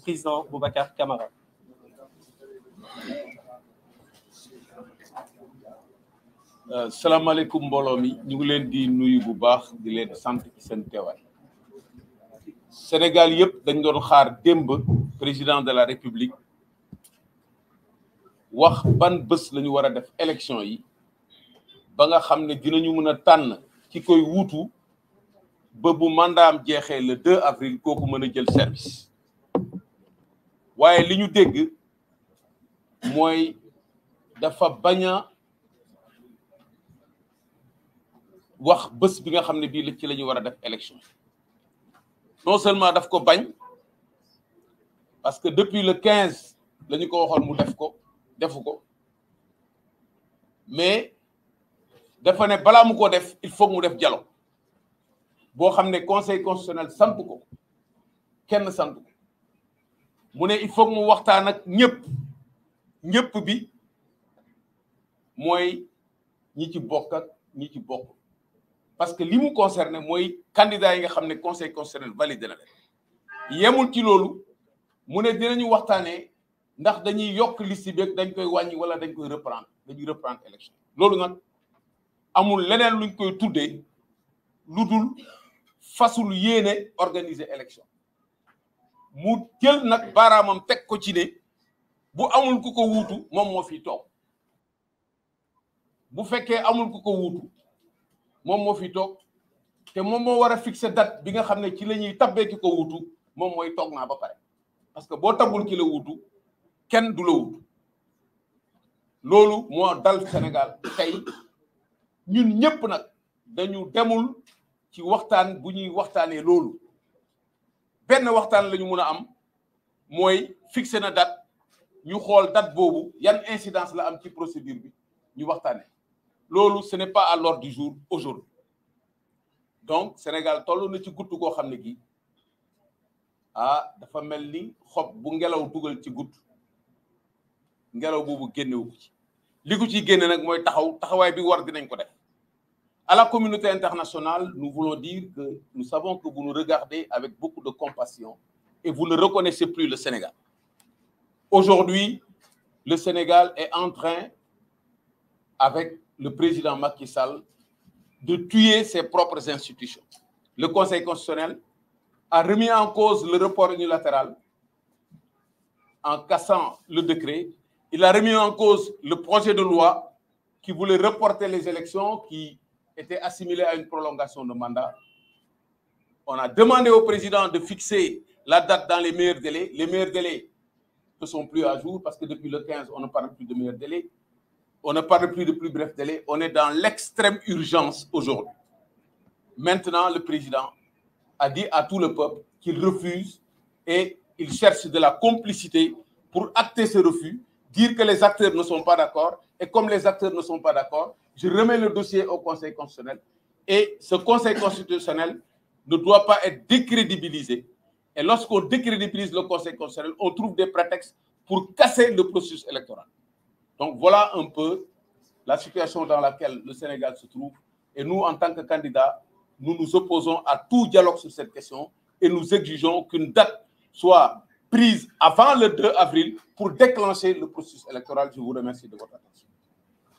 président Boubacar Camara. Euh, Salam nous ñu ngi leen di nuyu bu baax di Sénégal nous dañ doon xaar président de la République wax ban bus le def élection yi ba nga dinañu koy le 2 avril service waye liñu dégg moy dafa bañ wax bëss bi nga xamné bi bii ci lañu wara def élection non seulement daf ko bañ parce que depuis le 15 lañu ko waxon mu def ko defu ko mais dafa né bala mu ko def il faut mu def dialogue bo xamné conseil constitutionnel sant ko kenn samp ko mu ne il faut mu waxtaan ak ñëpp ñëpp bi mooy ñi ci bokk ak ñi ci bokk parce que li mu concerné candidat yi nga xam conseil concerné valide na leen yemul ci loolu mu ne dinañu waxtaanee ndax dañuy yokk liste bi dañ koy wàññi wala dañ koy reprendre dañuy reprendre élection loolu nag amul leneen luñ koy tuddee lu fasul yéene organiser élection mu jël nag baaraamam teg ko ci ne bu amul ku ko wuutu moom moo fi toog bu fekkee amul ku ko wuutu moom moo fi toog te moom moo war a fixer date bi nga xam ne ci la ñuy tabbee ki ko wuutu moom mooy toog naa ba pare parce que boo tabul ki la wuutu kenn du la wuutu loolu moo dal Sénégal tey ñun ñëpp nag dañu demul ci waxtaan bu ñuy waxtaanee loolu ben waxtaan lañu mëna am moy fixer na date ñu xol date bobu yan incidence la am ci procédure bi ñu waxtaane lolu ce n'est pas à l'ordre du jour aujourd'hui donc Sénégal tollu na ci gutt ko xamné ne gi ah dafa melni xop bu ngelaw duggal ci gutt ngelaw bobu génnewu wu ci li ko ciy génne nag mooy taxaw taxaway bi war dinañ ko def à la communauté internationale, nous voulons dire que nous savons que vous nous regardez avec beaucoup de compassion et vous ne reconnaissez plus le Sénégal. Aujourd'hui, le Sénégal est en train, avec le président Macky Sall, de tuer ses propres institutions. Le Conseil constitutionnel a remis en cause le report unilatéral en cassant le décret. Il a remis en cause le projet de loi qui voulait reporter les élections, qui était assimilé à une prolongation de mandat. On a demandé au président de fixer la date dans les meilleurs délais. Les meilleurs délais ne sont plus à jour parce que depuis le 15, on ne parle plus de meilleurs délais. On ne parle plus de plus brefs délais. On est dans l'extrême urgence aujourd'hui. Maintenant, le président a dit à tout le peuple qu'il refuse et il cherche de la complicité pour acter ce refus, dire que les acteurs ne sont pas d'accord et comme les acteurs ne sont pas d'accord, je remets le dossier au Conseil constitutionnel. Et ce Conseil constitutionnel ne doit pas être décrédibilisé. Et lorsqu'on décrédibilise le Conseil constitutionnel, on trouve des prétextes pour casser le processus électoral. Donc voilà un peu la situation dans laquelle le Sénégal se trouve. Et nous, en tant que candidats, nous nous opposons à tout dialogue sur cette question et nous exigeons qu'une date soit prise avant le 2 avril pour déclencher le processus électoral. Je vous remercie de votre attention.